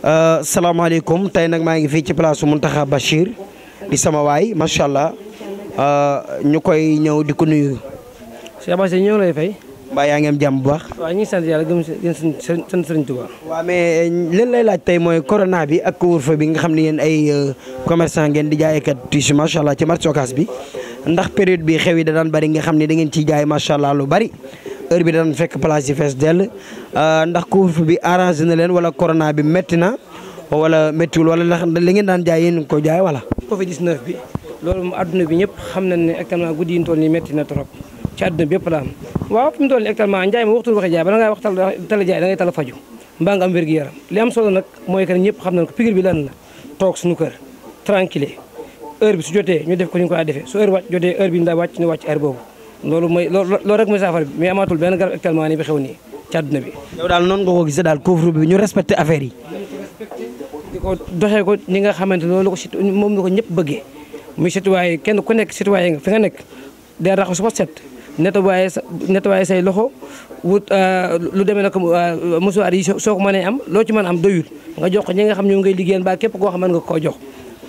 Euh, salaamaaleykum tey nag maa ngi fii ci place Mountakha Bachir di sama waay macha allah euh, ñu koy ñëw di ko nuyu. Cheikh Bachir ñoo lay fay. mbaa yaa ngi am jàmm bu baax. waaw ñu ngi sant yàlla gëm sant Sëriñ Tuubaa. mais euh, leen lay laaj tey mooy corona bi ak couvre-feu bi nga xam ni yéen ay commerçant ngeen di jaayee kat tissu macha allah ci marché Ocass bi ndax période bi xew yi da daan bari nga xam ne da ngeen ciy jaay macha allah lu bari. heure bi daan fekk place yi fees dell euh, ndax couvre bi arrangé na leen wala corona bi métti na wala méttiwul wala ndax li ngeen daan jaay yéen ko jaay wala. Covid 19 bi loolu moom adduna bi ñëpp xam nañ ne actuellement guddi yi ñu na trop ci adduna la am waaw fi mu toll nii njaay ma waxtul waxi jaay bala ngaa waxtal tala jaay da ngay tala faju mbaa nga am wér yaram li am solo nag mooy que ñëpp xam nañ ko pigir bi lan la toog suñu kër tranquille heure bi su jotee ñu def ko ni ñu ko daa defee su heure wàcc jotee heure bi ñu daa wàcc ñu wàcc loolu mooy loolu loolu rek mooy saafara bi mais amaatul benn garab actuellement nii bi xew nii ci àdduna bi. yow daal noonu nga ko gisee daal couvre bi ñu respecté affaire yi. doxee ko ñi nga xamante loolu ko si moom la ko ñëpp bëggee muy citoyen kenn ku nekk citoyen nga fi nga nekk day raxasu ba set nettoyer sa nettoyer say loxo wut euh, lu demee nag euh, musuwaar yi soo ko mënee am loo ci mën am doyul nga jox ko ñi nga xam ñoom ngay liggéeyal ba képp koo xam mën nga koo jox.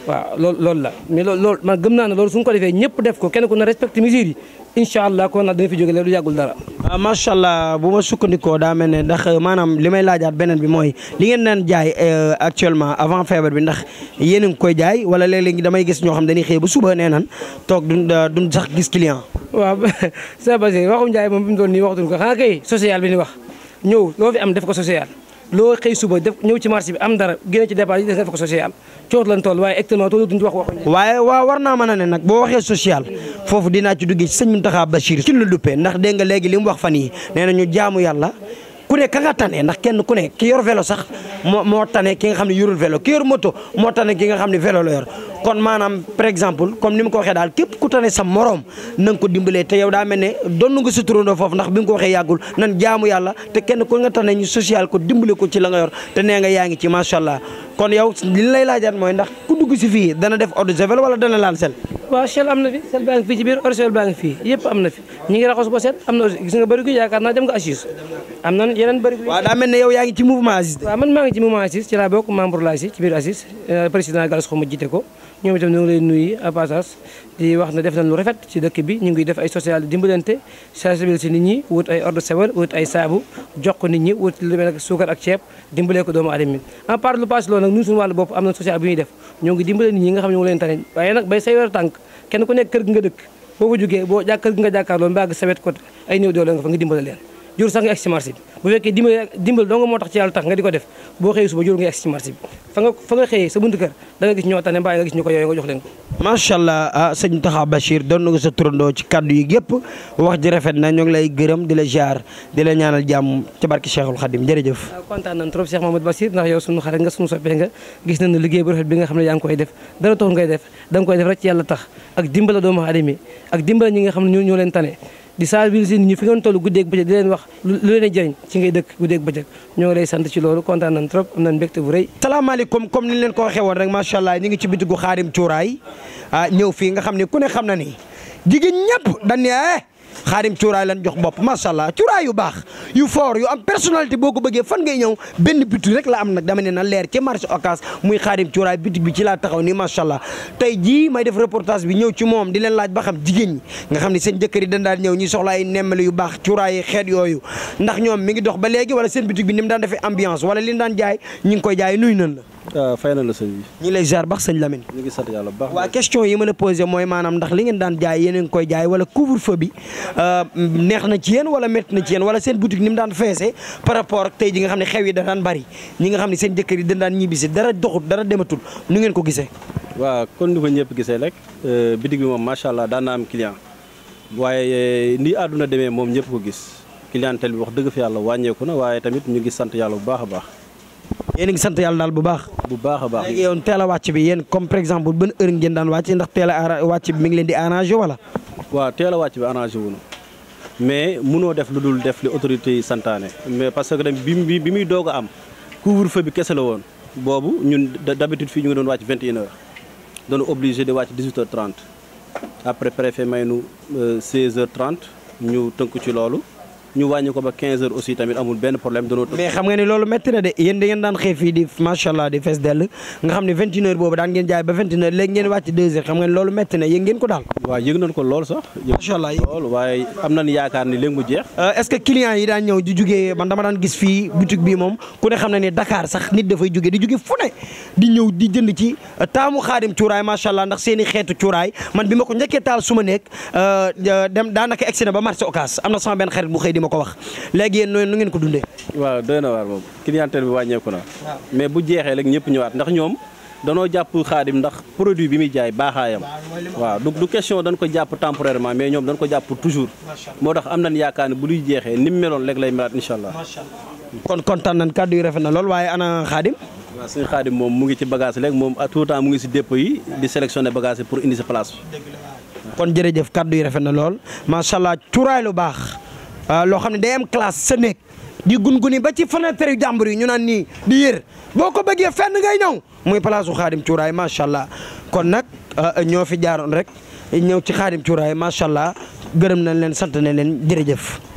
waaw loolu loolu la mais loolu loolu man gëm naa ne loolu suñu ko defee ñëpp def ko kenn ku ne respecté mesures yi incha allah kon nag dina fi jóge lu yàggul dara. Ah, macha allah bu ma sukkandikoo daa mel ne ndax euh, maanaam li may laajaat beneen bi mooy li ngeen naan jaay euh, actuellement avant feebar bi ndax yéen a ngi koy jaay wala léeg-léeg damay gis ñoo xam dañuy xëy ba suba nee nan toog duñ euh, dun sax gis client. waaw c'est parce que waxum jaay moom bi mu doon nii waxatuñ ko xanaa kay social bi ni wax ñëw loo fi am def ko social. loo xëy suba def ñëw ci marché bi am dara génne ci dépense yi des nga def ko social coot lañ toll waaye actuellement toolu duñ wax waxuñ waaye waa war naa mën a ne nag boo waxee social foofu dinaa ci duggee ci sëñ Mountakha Bachir ci la duppee ndax dégg nga léegi li mu wax fan yi nee na ñu jaamu yàlla ku ne ka nga tane ndax kenn ku ne ki yor vélo sax moo moo tane ki nga xam ne yorul vélo ki yor moto moo tane ki nga xam ne vélo la yor kon maanaam par exemple comme ni mu ko waxee daal képp ku tane sa morom nan ko dimbalee te yow daa mel ne donnu nga sa turandoo foofu ndax bi nga ko waxee yàggul nan jaamu yàlla te kenn ku nga tane ñu social ko dimbale ko ci la nga yor te nee nga yaa ngi ci macha allah kon yow li lay laajaat mooy ndax ku dugg si fii dana def eau de javel dana laal sel. waaw sel am na fi sel baa ngi fii ci am na fi ñu ngi raxas ko set am na gis nga bëri ko yaakaar naa dem nga Asis am na yeneen bëri ngi ci mouvement Asis. man maa ngi ci mouvement Asis ci laa bokk membre laa si ci biir Asis euh, président Gallas Khouma jiite ko ñoom itam ñu ngi lay nuyu à passage di wax na def nañ lu rafet ci dëkk bi ñu ngi def ay social dimbalante sensibiliser nit ñi wut ay eau de javel wut ay saabu jox ko nit ñi wut lu mel ne suukar ak ceeb dimbalee ko doomu aadama en nag ñun suñu wàllu bopp am na social bu ñuy def ñoo ngi dimbale nit ñi nga xam ne nga dëkk boo fa jógee boo jàkk kër moo tax ci yàlla tax nga di ko def boo xëyee suba jur nga egg ci marché fa nga xëyee sa bunt kër da gis ñoo tane nga gis ñu ko nga jox leen ko macha allah ah sëñ Taxa Bachir doon na ko sa turandoo ci kaddu yi yëpp wax ji rafet na ñoo ngi lay gërëm di la jaar di la ñaanal jàmm ci barki Cheikhul Khadim jërëjëf. waaw ah, kontaan nañ trop Cheikh Mamadou Bachir ndax yow sunu xarit nga sunu soppee nga gis na ne liggéey bu rafet bi nga xam ne yaa ngi koy def dara taxul ngay def da nga koy def rek ci yàlla tax ak dimbala doomu aadama ak dimbala ñi nga xam ne ñoo leen tane di sensibiliser nit ñi fi ngeen toll guddeeg bëccëg di leen wax lu leen jëriñ ci ngay dëkk guddeeg bëccëg ñoo ngi lay sant ci loolu kontaan nañ trop am nañ mbégte bu rëy salaamaaleykum comme leen ko waxee woon rek macha allah ñu ngi ci bitigu xaarim cuuraay ah, ñëw fii nga xam ne ku ne xam na ni jigéen ñëpp dañ ne eh, xaadim cuuraay lan jox bopp macha allah cuuraay yu baax yu fort yu am personnalité boo ko bëggee fan ngay ñëw benn bitu rek la am nag dama ne na leer ci marché Ocass muy xaadim cuuraay bitik bi ci laa taxaw ni macha allah tey jii may def reportage bi ñëw ci moom di leen laaj ba xam jigéen ñi nga xam ne seen jëkkër yi dañ daan ñëw ñuy soxla ay nemmali yu baax cuuraay xeet yooyu ndax ñoom mi ngi dox ba léegi wala seen bitik bi ni mu daan defee ambiance wala li daan jaay ñi ngi koy nuyu nan la Ah, fay na la sëñ bi ñu ngi lay ziar baax sëñ Lamine ñu ngi sant yàlla bu baax waaw question yi ma la posé mooy maanaam ndax li ngeen daan jaay yéen a ngi koy jaay wala couvre feu bi ah, neex na ci yéen wala métti na ci yéen wala seen boutique ni mu daan feese par rapport ak tey ji nga xam ne xew yi da daan bari ñi nga xam ne seen jëkkër yi dañ daan ñibbisi dara doxut dara dematul nu ngeen ko gisee waa kon ni ko ñëpp gisee rek euh, bitig bi moom macha allah daan na am client waaye euh, ni àdduna demee moom ñëpp ko gis clientèle bi wax dëgg fa yàlla wàññeeku na waaye tamit ñu ngi sant yàlla bu baax a baax yéen ngi sant yàlla daal bu baax. bu baaxa baax léegi yow a wàcc bi yéen comme par exemple ban heure ngeen daan wàcc ndax teel a wàcc bi mi leen di arrangé wala. waa teel a wàcc bi arrangé wu na mais munoo def lu dul def li autorités yi santaane. mais parce que bi bi muy doog am couvre-feu bi kese la woon boobu ñun d'habitude fii ñu ngi doon wàcc 21 heures doon obligé de wàcc 18 heures 30 après préfet may nu 16 euh, heures 30 ñu tënk ci loolu. ñu wàññi ko ba 15 heures aussi tamit amul benn problème danoo mais xam nga ni loolu métti na de yéen da ngeen daan xëy fii di macha allah di fees dell nga xam ne boobu daan ngeen jaay ba 21 heures ngeen wàcc 2 heures xam nga ni macha allah lool waaye am nañ yaakaar ni léegi mu jeex euh, est-ce yi daan ñëw di jugee man dama daan gis fii boutique bii moom ku ne xam na ni Dakar sax nit dafay jugee di jugee fu ne di ñëw di jënd ci euh, taamu xaadim cuuraay macha allah ndax seen i cuuraay man bi ma ko ma ko wax léegi yéen noonu ngeen ko dundee. waaw doy na waar moom clientèle bi wàññeeku na. mais bu jeexee rek ñëpp ñëwaat ndax ñoom danoo jàpp xaadim ndax produit bi muy jaay baaxaayam. waaw du du question dañ ko jàpp temporairement mais ñoom dañ ko jàpp toujours. moo tax am nañ yaakaar ne bu luy jeexee ni mu meloon léegi lay melaat incha allah. kon kontaan kàddu yi rafet na lool waaye ana xaadim moom mu ngi ci bagage léegi moom tout le temps mu ngi si dépôt yi di sélectionné bagage yi pour indi si place Euh, loo xam ne day am classe sa néeg di gunguni ba ci fenêtre yu jàmbur yi ñu naan nii di yër boo ko bëggee fenn ngay ñëw muy place u xaadim cuuraay macha allah kon nag euh, ñoo fi jaaroon rek ñëw ci xaadim cuuraay macha allah gërëm nañ leen sant nañ leen jërëjëf.